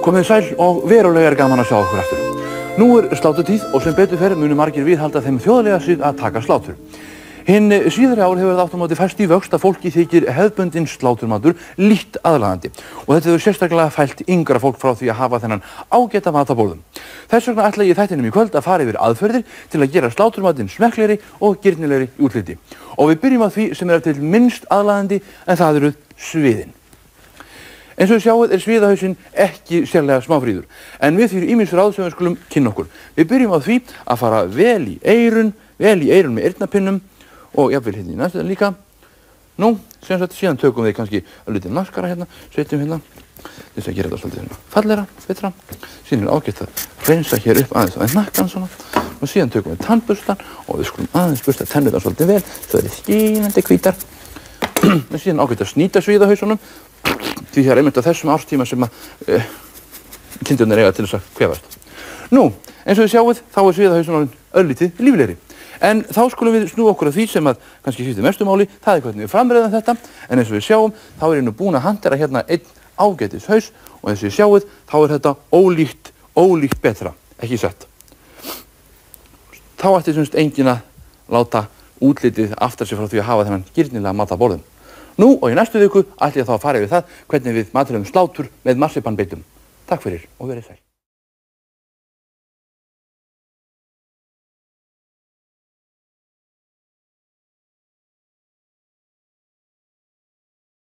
Komið sæl og verulega er gaman að sjá okkur eftir. Nú er sláturtíð og sem betur fer munum margir viðhalda þeim þjóðlega síð að taka slátur. Hinn síðri ár hefur það áttamáti fæst í vöxt að fólki þykir hefðböndin sláturmatur lít aðlagandi og þetta hefur sérstaklega fælt yngra fólk frá því að hafa þennan ágeta matabóðum. Þess vegna ætla ég þættinum í kvöld að fara yfir aðferðir til að gera sláturmatin smekkleri og girnilegri útliti. Og við byrjum á því sem er eftir minnst aðlagandi en það eru sviðin. Eins og sjáuð er sviðahauðsinn ekki sérlega smáfríður, en við fyrir íminsur áðsöfum skulum kynna okkur. Við byrjum á því að fara vel í eirun, vel í eirun með eirnapinnum og jafnvel hérna í næstuðan líka. Nú, sem sagt, síðan tökum við kannski að lutið naskara hérna, setjum hérna, þess að gera þetta svolítið hérna fallera, betra. Síðan er ágætt að reynsa hér upp aðeins aðeins nakkan svona og síðan tökum við tannbustan og við skulum aðeins busta tennurna svolítið vel, svo það er skínandi hvítar. Síðan ágætt að snýta sviðahauðsunum því það er einmitt á þessum ástíma sem að e, kindurnar eiga til þess að kvefast. Nú, eins og þið sjáuð, þá er sviðahauðsumálinn öllítið lífilegri. En þá skulum við snú okkur af því sem að kannski sýttum mestumáli, það er hvernig við framræðum þetta, en eins og við sjáum, þá er einu búin að handera hérna einn ágætis haus og eins og við sjáuð, þá er þetta ólíkt, ólíkt betra, ekki sett. Þá ætti semst engin að láta útlitið aftar sig frá því að hafa þennan girnilega mataborðum. Nú og í næstu viku ætlum ég þá að fara yfir það hvernig við maturlegum slátur með marsipanbeitum. Takk fyrir og verið sæl.